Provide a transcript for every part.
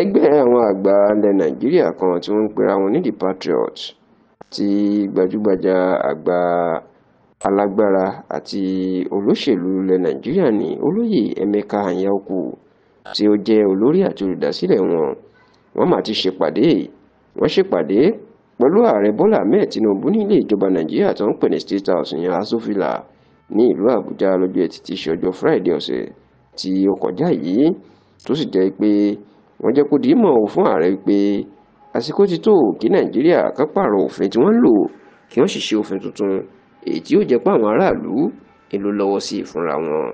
ẹgbẹ́ àwọn àgbà ilẹ̀ nàìjíríà kan tí wọ́n ń pera wọn ní the patriots tí gbajúgbajà àgbà alágbára àti olóṣèlú ilẹ̀ nàìjíríà ní olóyè emeka anyaoku tí ó jẹ́ olórí àti olùdásílẹ̀ wọn wọ́n mà ti ṣèpàdé wọ́n ṣèpàdé pẹ̀lú ààrẹ bọ́lá ahmed tinubu nílé ìjọba nàìjíríà tó ń pè ní state house ní asòfilà ní ìlú àbújá lọ́jọ́ ẹtì tí í friday ọ̀sẹ̀ tí ó kọjá yìí tó sì jẹ́ pé wọ́n jẹ́ kó di mọ̀ ọ́ fún ààrẹ pé àsìkò ti tó kí nàìjíríà kan pààrọ̀ òfin tí wọ́n ń lò kí wọ́n sì ṣe òfin tuntun èyí tí yóò jẹ́ pé àwọn aráàlú èlò lọ́wọ́ sí ìfúnra wọn.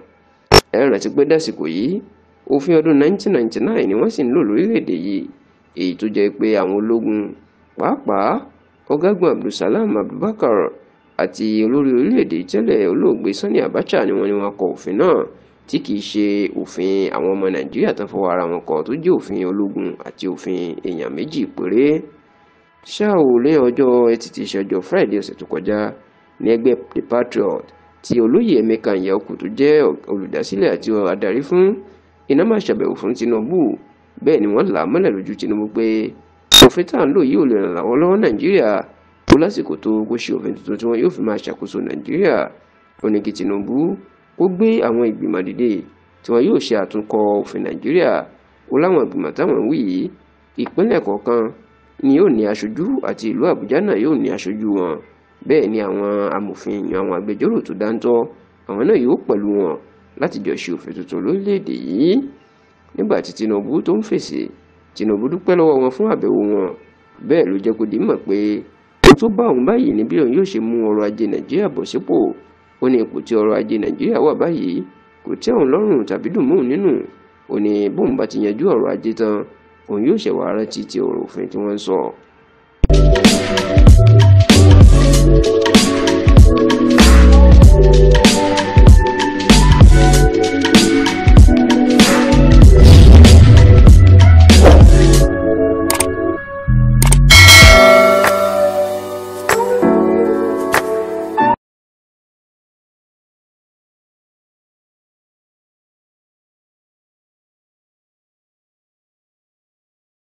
ẹ rántí pé dásìkò yìí òfin ọdún 1999 ni wọ́n sì ń lò lórílẹ̀‐èdè yìí èyí tó jẹ́ pé àwọn ológun pàápàá ọ̀gágun abdulsalam abubakar àti olórí orílẹ̀‐èdè tẹ́lẹ̀ olóògbé sani abacha ni wọ́n ní wọ́n kọ òfin náà tí kìí ṣe òfin àwọn ọmọ nàìjíríà tán fọwọ́ ara wọn kọ tó jẹ́ òfin ológun àti òfin èèyàn méjì péré ṣá ò lé ọjọ́ ẹtì tí ṣẹjọ friday ọ̀sẹ̀ tó kọjá ní ẹgbẹ́ the patriot tí olóyè emeka nyako tó jẹ́ olùdásílẹ̀ àti adarí fún iná máa ṣàbẹ̀wò fún tinubu bẹ́ẹ̀ ni wọ́n là á mọ́lẹ̀ lójú tinubu pé òfin tá à ń lò yìí ò lè ràn àwọn lọ́wọ́ nàìjíríà tó lásìkò tó kó ṣe òfin tuntun tí wọ́n yóò fi máa ṣàkóso nàìjíríà ó tinubu ó gbé àwọn ìgbìmọ̀ dìde tí wọn yóò ṣe àtúnkọ òfin nàìjíríà ó láwọn ìgbìmọ̀ táwọn wí yìí ìpínlẹ̀ kọ̀ọ̀kan ni yóò ní aṣojú àti ìlú àbújá náà yóò ní aṣojú wọn bẹ́ẹ̀ ni àwọn amòfin yan àwọn agbẹjọ́rò tó dáńtọ́ àwọn náà yóò pẹ̀lú wọn láti jọ ṣe òfin tuntun lórílẹ̀‐èdè yìí nígbà tí tinubu tó ń fèsì tinubu dúpẹ́ lọ́wọ́ wọn fún àbẹ̀wò wọn bẹ́ẹ̀ ló jẹ́ kó dì í mọ̀ pé ó tó bá òun báyìí ní bí òun yóò ṣe mú ọrọ̀ ajé nàìjíríà bọ̀ sípò ó ní ipò tí ọrọ̀ ajé nàìjíríà wà báyìí kò tẹ́ òun lọ́rùn tàbí dùn mọ́ òun nínú ó ní bóun bá ti yanjú ọrọ̀ ajé tán òun yóò ṣẹ̀wá rántí ti ọ̀rọ̀ òfin tí wọ́n ń sọ.